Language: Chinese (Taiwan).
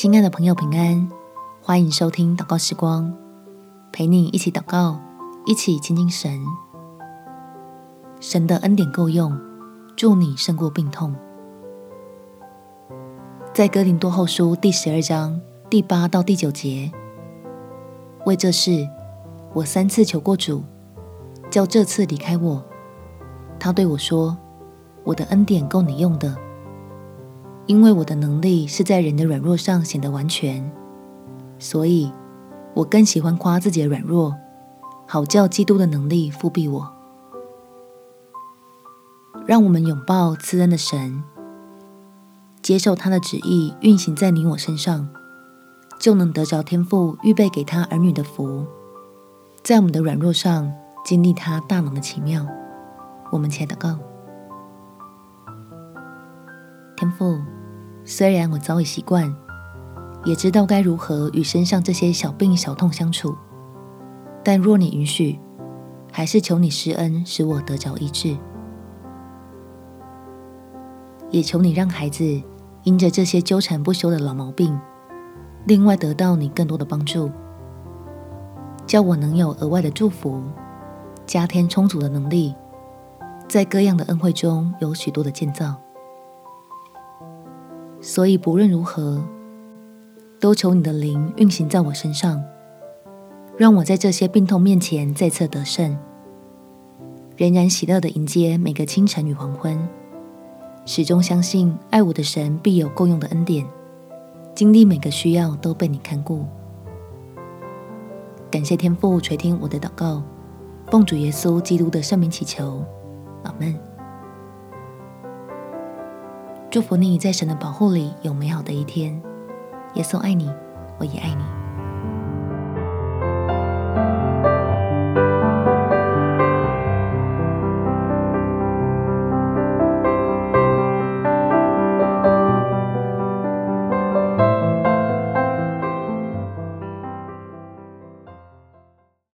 親愛的朋友，平安，歡迎收聽禱告時光，陪你一起禱告，一起傾聽神。神的恩典夠用，助你勝過病痛。在哥林多後書第十二章第八到第九節，為這事，我三次求過主，叫這次離開我。他對我說：“我的恩典夠你用的。”因為我的能力是在人的軟弱上顯得完全，所以我更喜歡誇自己的軟弱，好叫基督的能力覆庇我。讓我們擁抱賜恩的神，接受他的旨意運行在你我身上，就能得着天父預備給他兒女的福，在我們的軟弱上經歷他大能的奇妙。我們起來禱告。天父，雖然我早已習慣，也知道該如何與身上這些小病小痛相處，但若你允許，還是求你施恩，使我得着醫治；也求你讓孩子因着這些糾纏不休的老毛病，另外得到你更多的幫助，叫我能有額外的祝福，加添充足的能力，在各樣的恩惠中有許多的建造。所以，不論如何，都求你的靈運行在我身上，讓我在這些病痛面前再次得勝，仍然喜樂地迎接每個清晨與黃昏，始終相信愛我的神必有夠用的恩典，經歷每個需要都被你看顧。感謝天父垂聽我的禱告，奉主耶穌基督的聖名祈求，阿門。祝福你，在神的保護裡有美好的一天。耶穌愛你，我也愛你。